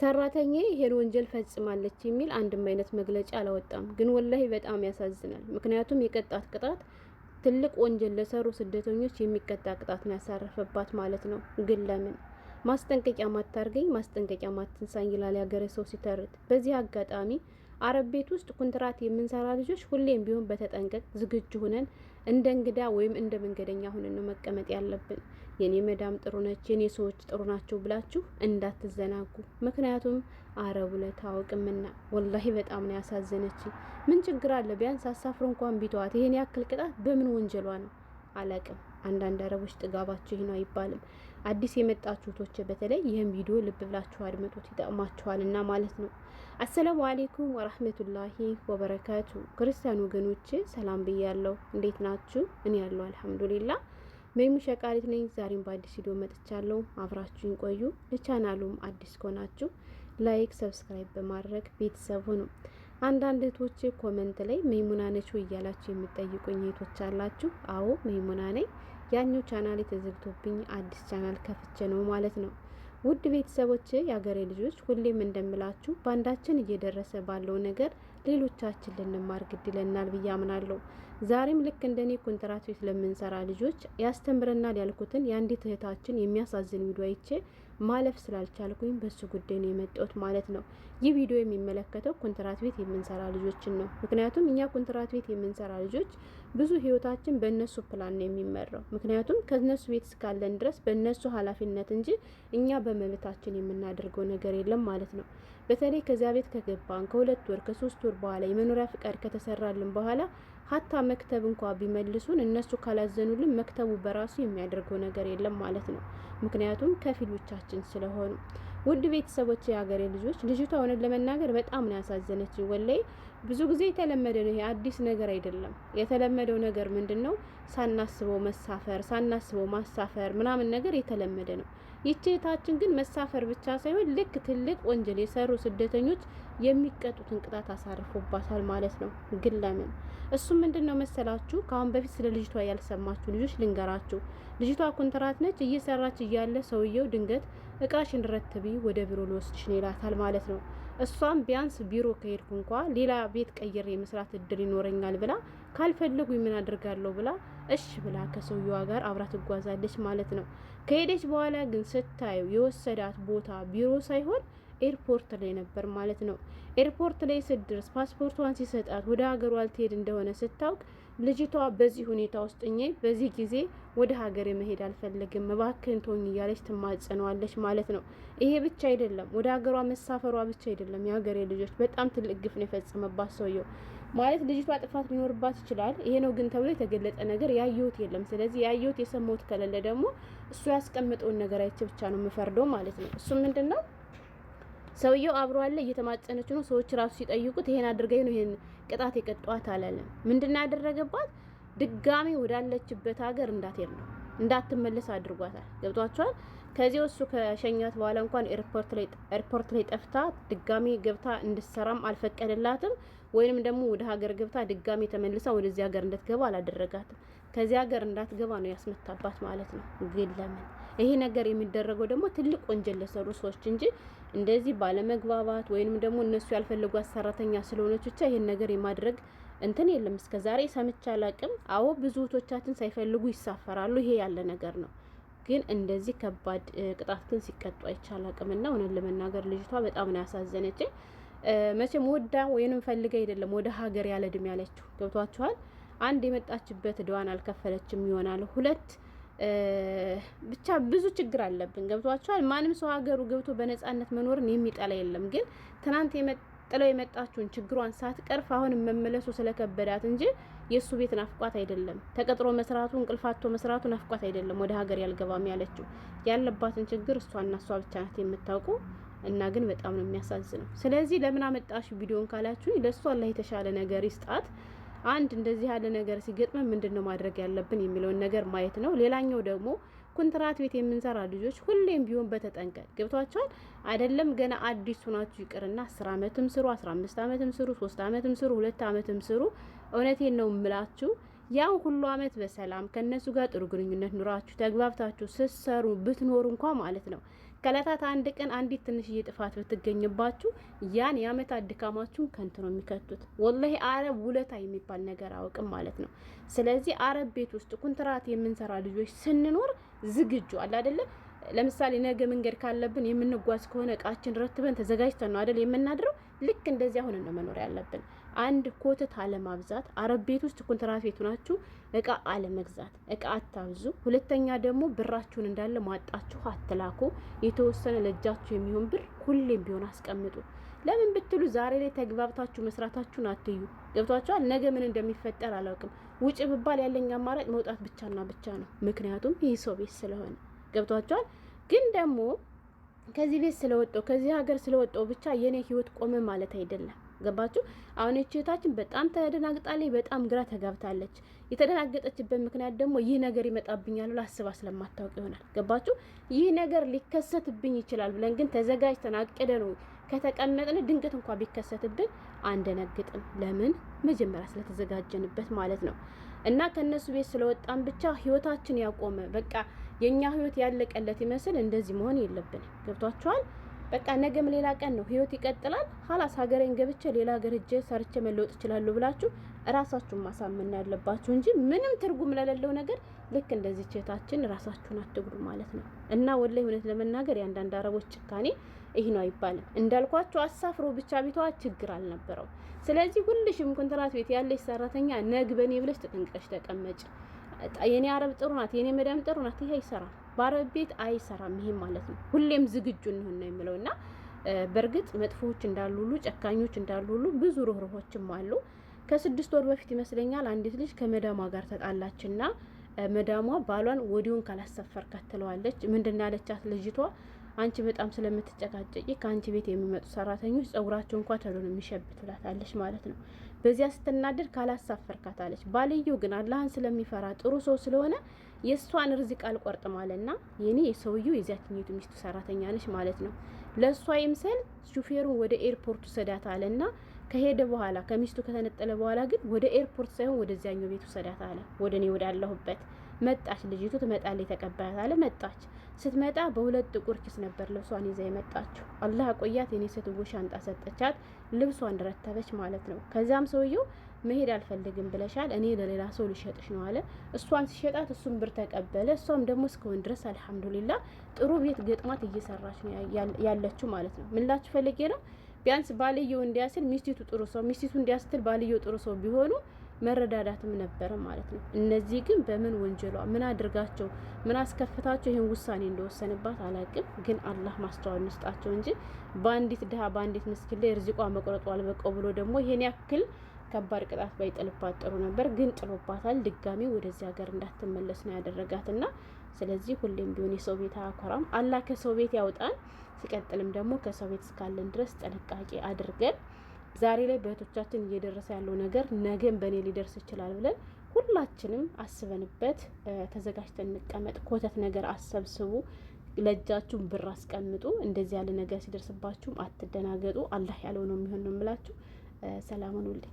ሰራተኛ ይሄን ወንጀል ፈጽማለች የሚል አንድም አይነት መግለጫ አላወጣም። ግን ወላሂ በጣም ያሳዝናል። ምክንያቱም የቀጣት ቅጣት ትልቅ ወንጀል ለሰሩ ስደተኞች የሚቀጣ ቅጣት ነው ያሳረፈባት ማለት ነው። ግን ለምን ማስጠንቀቂያ ማታርገኝ ማስጠንቀቂያ ማትንሳኝ ይላል ያገረ ሰው ሲተርት። በዚህ አጋጣሚ አረብ ቤት ውስጥ ኮንትራት የምንሰራ ልጆች ሁሌም ቢሆን በተጠንቀቅ ዝግጁ ሁነን እንደ እንግዳ ወይም እንደ መንገደኛ ሁነን ነው መቀመጥ ያለብን። የኔ መዳም ጥሩ ነች፣ የኔ ሰዎች ጥሩ ናቸው ብላችሁ እንዳትዘናጉ። ምክንያቱም አረቡ ለታወቅምና ወላሂ በጣም ነው ያሳዘነች። ምን ችግር አለ? ቢያንስ አሳፍሮ እንኳን ቢተዋት ይሄን ያክል ቅጣት በምን ወንጀሏ ነው? አላቅም። አንዳንድ አረቦች ጥጋባቸው ይህ ነው አይባልም። አዲስ የመጣችሁ ቶች በተለይ ይህም ቪዲዮ ልብ ብላችሁ አድምጡት ይጠቅማችኋልና ማለት ነው። አሰላሙ አሌይኩም ወራህመቱላሂ ወበረካቱ። ክርስቲያን ወገኖች ሰላም ብያለሁ። እንዴት ናችሁ? እኔ ያለሁ አልሐምዱሊላ። መይሙ ሸቃሪት ነኝ። ዛሬም በአዲስ ቪዲዮ መጥቻለሁ። አብራችሁን ቆዩ። ለቻናሉም አዲስ ከሆናችሁ ላይክ፣ ሰብስክራይብ በማድረግ ቤተሰብ ሁኑ። አንዳንድ እህቶች ኮመንት ላይ መይሙና ነች እያላችሁ የምጠይቁኝ እህቶች አላችሁ። አዎ መይሙና ነኝ ያኛው ቻናል የተዘግቶብኝ አዲስ ቻናል ከፍቼ ነው ማለት ነው። ውድ ቤተሰቦች፣ የአገሬ ልጆች ሁሌም እንደምላችሁ በአንዳችን እየደረሰ ባለው ነገር ሌሎቻችን ልንማር ግድ ይለናል ብዬ አምናለሁ። ዛሬም ልክ እንደኔ ኮንትራት ቤት ለምንሰራ ልጆች ያስተምረናል ያልኩትን የአንዲት እህታችን የሚያሳዝን ቪዲዮ አይቼ ማለፍ ስላልቻልኩኝ በሱ ጉዳይ ነው የመጣሁት ማለት ነው። ይህ ቪዲዮ የሚመለከተው ኮንትራት ቤት የምንሰራ ልጆችን ነው። ምክንያቱም እኛ ኮንትራት ቤት የምንሰራ ልጆች ብዙ ህይወታችን በእነሱ ፕላን ነው የሚመራው። ምክንያቱም ከነሱ ቤት እስካለን ድረስ በእነሱ ኃላፊነት እንጂ እኛ በመብታችን የምናደርገው ነገር የለም ማለት ነው። በተለይ ከዚያ ቤት ከገባን ከሁለት ወር ከሶስት ወር በኋላ የመኖሪያ ፍቃድ ከተሰራልን በኋላ ሀታ መክተብ እንኳ ቢመልሱን እነሱ ካላዘኑልን መክተቡ በራሱ የሚያደርገው ነገር የለም ማለት ነው። ምክንያቱም ከፊሎቻችን ስለሆኑ ውድ ቤተሰቦች፣ የሀገሬ ልጆች፣ ልጅቷ ሆነን ለመናገር በጣም ነው ያሳዘነች ወላሂ ብዙ ጊዜ የተለመደ ነው ይሄ አዲስ ነገር አይደለም። የተለመደው ነገር ምንድን ነው? ሳናስበው መሳፈር፣ ሳናስበው ማሳፈር ምናምን ነገር የተለመደ ነው። ይቼታችን ግን መሳፈር ብቻ ሳይሆን ልክ ትልቅ ወንጀል የሰሩ ስደተኞች የሚቀጡትን ቅጣት አሳርፎባታል ማለት ነው። ግን ለምን እሱ ምንድን ነው መሰላችሁ? ከአሁን በፊት ስለ ልጅቷ ያልሰማችሁ ልጆች ልንገራችሁ። ልጅቷ ኮንትራት ነች። እየሰራች እያለ ሰውየው ድንገት እቃሽን ረትቢ ወደ ቢሮ ልወስድሽን ይላታል ማለት ነው። እሷም ቢያንስ ቢሮ ከሄድኩ እንኳ ሌላ ቤት ቀይሬ የመስራት እድል ይኖረኛል ብላ ካልፈለጉ ምን አድርጋለሁ ብላ እሽ ብላ ከሰውየዋ ጋር አብራ ትጓዛለች ማለት ነው። ከሄደች በኋላ ግን ስታዩ የወሰዳት ቦታ ቢሮ ሳይሆን ኤርፖርት ላይ ነበር ማለት ነው። ኤርፖርት ላይ ስትደርስ ፓስፖርቷን ሲሰጣት ወደ ሀገሯ ልትሄድ እንደሆነ ስታውቅ ልጅቷ በዚህ ሁኔታ ውስጥ እኜ በዚህ ጊዜ ወደ ሀገሬ መሄድ አልፈልግም እባክህን ተወኝ እያለች ትማጸነዋለች ማለት ነው። ይሄ ብቻ አይደለም፣ ወደ ሀገሯ መሳፈሯ ብቻ አይደለም፣ የሀገሬ ልጆች በጣም ትልቅ ግፍ ነው የፈጸመባት ሰውየው ማለት ልጅቷ ጥፋት ሊኖርባት ይችላል። ይሄ ነው ግን ተብሎ የተገለጠ ነገር ያየሁት የለም። ስለዚህ ያየሁት የሰማሁት ከሌለ ደግሞ እሱ ያስቀመጠውን ነገር አይቼ ብቻ ነው የምፈርደው ማለት ነው። እሱ ምንድን ነው ሰውየው አብሮ አለ እየተማጸነች ነው። ሰዎች ራሱ ሲጠይቁት ይሄን አድርገኝ ነው ይሄን ቅጣት የቀጧት አላለም። ምንድን ነው ያደረገባት? ድጋሚ ወዳለችበት ሀገር እንዳትሄድ ነው እንዳትመለስ አድርጓታል። ገብቷቸዋል። ከዚህ እሱ ከሸኛት በኋላ እንኳን ኤርፖርት ላይ ጠፍታ ድጋሚ ገብታ እንድትሰራም አልፈቀደላትም። ወይንም ደግሞ ወደ ሀገር ገብታ ድጋሚ ተመልሳ ወደዚህ ሀገር እንድትገባ አላደረጋትም። ከዚህ ሀገር እንዳትገባ ነው ያስመታባት ማለት ነው። ግን ለምን ይሄ ነገር የሚደረገው ደግሞ ትልቅ ወንጀል ለሰሩ ሰዎች እንጂ እንደዚህ ባለመግባባት ወይንም ደግሞ እነሱ ያልፈለጓት ሰራተኛ ስለሆነች ብቻ ይሄን ነገር የማድረግ እንትን የለም። እስከዛሬ ሰምቼ አላቅም። አዎ ብዙ እህቶቻችን ሳይፈልጉ ይሳፈራሉ። ይሄ ያለ ነገር ነው። ግን እንደዚህ ከባድ ቅጣት ግን ሲቀጡ አይቻል አቅምና እውነት ለመናገር ልጅቷ በጣም ነው ያሳዘነች። መቼም ወዳ ወይንም ፈልገ አይደለም ወደ ሀገር ያለ እድሜ ያለችው ገብቷችኋል። አንድ የመጣችበት እድዋን አልከፈለችም ይሆናል። ሁለት ብቻ ብዙ ችግር አለብን። ገብቷችኋል። ማንም ሰው ሀገሩ ገብቶ በነጻነት መኖርን የሚጠላ የለም። ግን ትናንት ጥለው የመጣችውን ችግሯን ሳትቀርፍ አሁን መመለሱ ስለከበዳት እንጂ የእሱ ቤት ናፍቋት አይደለም፣ ተቀጥሮ መስራቱ እንቅልፋቶ መስራቱ ናፍቋት አይደለም። ወደ ሀገር ያልገባም ያለችው ያለባትን ችግር እሷና እሷ ብቻ ናት የምታውቁ እና ግን በጣም ነው የሚያሳዝነው። ስለዚህ ለምን አመጣሽ ቪዲዮን ካላችሁ ለእሷ አላህ የተሻለ ነገር ይስጣት። አንድ እንደዚህ ያለ ነገር ሲገጥመን ምንድን ነው ማድረግ ያለብን የሚለውን ነገር ማየት ነው። ሌላኛው ደግሞ ኮንትራት ቤት የምንሰራ ልጆች ሁሌም ቢሆን በተጠንቀቅ ገብቷቸዋል አይደለም። ገና አዲስ ሆናችሁ ይቅርና አስር አመትም ስሩ፣ አስራ አምስት አመትም ስሩ፣ ሶስት አመትም ስሩ፣ ሁለት አመትም ስሩ። እውነቴን ነው ምላችሁ ያው ሁሉ አመት በሰላም ከእነሱ ጋር ጥሩ ግንኙነት ኑራችሁ ተግባብታችሁ ስትሰሩ ብትኖሩ እንኳ ማለት ነው ከእለታት አንድ ቀን አንዲት ትንሽዬ ጥፋት ብትገኝባችሁ ያን የአመታት ድካማችሁን ከንቱ ነው የሚከቱት። ወላሂ አረብ ውለታ የሚባል ነገር አያውቅም ማለት ነው። ስለዚህ አረብ ቤት ውስጥ ኩንትራት የምንሰራ ልጆች ስንኖር ዝግጁ አለ አይደለ? ለምሳሌ ነገ መንገድ ካለብን የምንጓዝ ከሆነ እቃችን ረትበን ተዘጋጅተን ነው አይደል የምናድረው። ልክ እንደዚህ አሁን ነው መኖር ያለብን። አንድ ኮተት አለማብዛት፣ አረብ ቤት ውስጥ ኮንትራት ቤት ሆናችሁ እቃ አለመግዛት፣ እቃ አታብዙ። ሁለተኛ ደግሞ ብራችሁን እንዳለ ማጣችሁ አትላኩ። የተወሰነ ለእጃችሁ የሚሆን ብር ሁሌም ቢሆን አስቀምጡ። ለምን ብትሉ ዛሬ ላይ ተግባብታችሁ መስራታችሁን አትዩ። ገብቷችኋል? ነገ ምን እንደሚፈጠር አላውቅም። ውጭ ብባል ያለኝ አማራጭ መውጣት ብቻና ብቻ ነው። ምክንያቱም ይህ ሰው ቤት ስለሆነ ገብቷችኋል። ግን ደግሞ ከዚህ ቤት ስለወጣው ከዚህ ሀገር ስለወጣው ብቻ የኔ ህይወት ቆመ ማለት አይደለም። ገባችሁ? አሁን እህታችን በጣም ተደናግጣለች፣ በጣም ግራ ተጋብታለች። የተደናገጠችበት ምክንያት ደግሞ ይህ ነገር ይመጣብኛል ብላ አስባ ስለማታውቅ ይሆናል። ገባችሁ? ይህ ነገር ሊከሰትብኝ ይችላል ብለን ግን ተዘጋጅተን ነው ከተቀመጥን ድንገት እንኳ ቢከሰትብን አንደነግጥም። ለምን? መጀመሪያ ስለተዘጋጀንበት ማለት ነው። እና ከእነሱ ቤት ስለወጣን ብቻ ህይወታችን ያቆመ በቃ የእኛ ህይወት ያለቀለት ይመስል እንደዚህ መሆን የለብን ገብቷችኋል? በቃ ነገም ሌላ ቀን ነው፣ ህይወት ይቀጥላል። ሀላስ ሀገሬን ገብቼ ሌላ ሀገር እጄ ሰርቼ መለወጥ እችላለሁ ብላችሁ ራሳችሁን ማሳመን ያለባችሁ እንጂ ምንም ትርጉም ለሌለው ነገር ልክ እንደዚህ ቼታችን ራሳችሁን አትጉዱ ማለት ነው። እና ወላሂ እውነት ለመናገር የአንዳንድ አረቦች ጭካኔ ይህ ነው አይባልም። እንዳልኳቸው አሳፍሮ ብቻ ቤቷ ችግር አልነበረው። ስለዚህ ሁልሽም ኮንትራት ቤት ያለች ሰራተኛ ነግበኔ ብለሽ ተጠንቀሽ ተቀመጭ። የኔ አረብ ጥሩ ናት፣ የኔ መዳም ጥሩ ናት፣ ይሄ ይሰራል በአረብ ቤት አይሰራም። ይሄም ማለት ነው ሁሌም ዝግጁ እንሆን ነው የሚለው እና በእርግጥ መጥፎዎች እንዳሉ ሁሉ ጨካኞች እንዳሉ ሁሉ ብዙ ርኅርኆችም አሉ። ከስድስት ወር በፊት ይመስለኛል አንዲት ልጅ ከመዳሟ ጋር ተጣላችና መዳሟ ባሏን ወዲሁን ካላሰፈርካት ትለዋለች። ምንድን ያለቻት ልጅቷ አንቺ በጣም ስለምትጨቃጨቂ ከአንቺ ቤት የሚመጡ ሰራተኞች ጸጉራቸው እንኳ ተሎ ነው የሚሸብት ትላታለች ማለት ነው። በዚያ ስትናደድ ካላሳፈርካት አለች። ባልየው ግን አላህን ስለሚፈራ ጥሩ ሰው ስለሆነ የእሷን ርዝቅ አልቆርጥም አለና የኔ የሰውየው የዚያችኛቱ ሚስቱ ሰራተኛ ነች ማለት ነው። ለእሷ ይምሰል ሹፌሩን ወደ ኤርፖርቱ ሰዳት አለና ከሄደ በኋላ ከሚስቱ ከተነጠለ በኋላ ግን ወደ ኤርፖርት ሳይሆን ወደዚያኛው ቤቱ ሰዳት አለ። ወደ እኔ ወዳለሁበት መጣች። ልጅቱ ትመጣለች፣ ተቀባያት አለ። መጣች። ስትመጣ በሁለት ጥቁር ኪስ ነበር ልብሷን ይዛ የመጣችው። አላህ አቆያት። የኔ ሴትዮ ሻንጣ ሰጠቻት፣ ልብሷን ረተበች ማለት ነው። ከዚያም ሰውየው መሄድ አልፈልግም ብለሻል፣ እኔ ለሌላ ሰው ልሸጥሽ ነው አለ። እሷን ሲሸጣት እሱም ብር ተቀበለ። እሷም ደግሞ እስከሆን ድረስ አልሐምዱሊላ ጥሩ ቤት ገጥማት እየሰራች ነው ያለችው ማለት ነው። ምንላችሁ ፈልጌ ነው ቢያንስ ባልየው እንዲያስል ሚስቲቱ ጥሩ ሰው፣ ሚስቲቱ እንዲያስትል ባልየው ጥሩ ሰው ቢሆኑ መረዳዳትም ነበረ ማለት ነው። እነዚህ ግን በምን ወንጀሏ ምን አድርጋቸው ምን አስከፍታቸው ይህን ውሳኔ እንደወሰንባት አላቅም። ግን አላህ ማስተዋል ይስጣቸው እንጂ በአንዲት ድሃ በአንዲት ምስኪን ላይ ርዚቋ መቆረጡ አልበቀው ብሎ ደግሞ ይሄን ያክል ከባድ ቅጣት ባይጥልባት ጥሩ ነበር። ግን ጥሎባታል። ድጋሚ ወደዚህ ሀገር እንዳትመለስ ነው ያደረጋት እና ስለዚህ ሁሌም ቢሆን የሰው ቤት አያኮራም። አላህ ከሰው ቤት ያውጣን። ሲቀጥልም ደግሞ ከሰው ቤት እስካለን ድረስ ጥንቃቄ አድርገን ዛሬ ላይ በእህቶቻችን እየደረሰ ያለው ነገር ነገም በእኔ ሊደርስ ይችላል ብለን ሁላችንም አስበንበት ተዘጋጅተን እንቀመጥ። ኮተት ነገር አሰብስቡ፣ ለእጃችሁን ብር አስቀምጡ። እንደዚህ ያለ ነገር ሲደርስባችሁም አትደናገጡ። አላህ ያለው ነው የሚሆን ነው የምላችሁ። ሰላሙን ውልዴ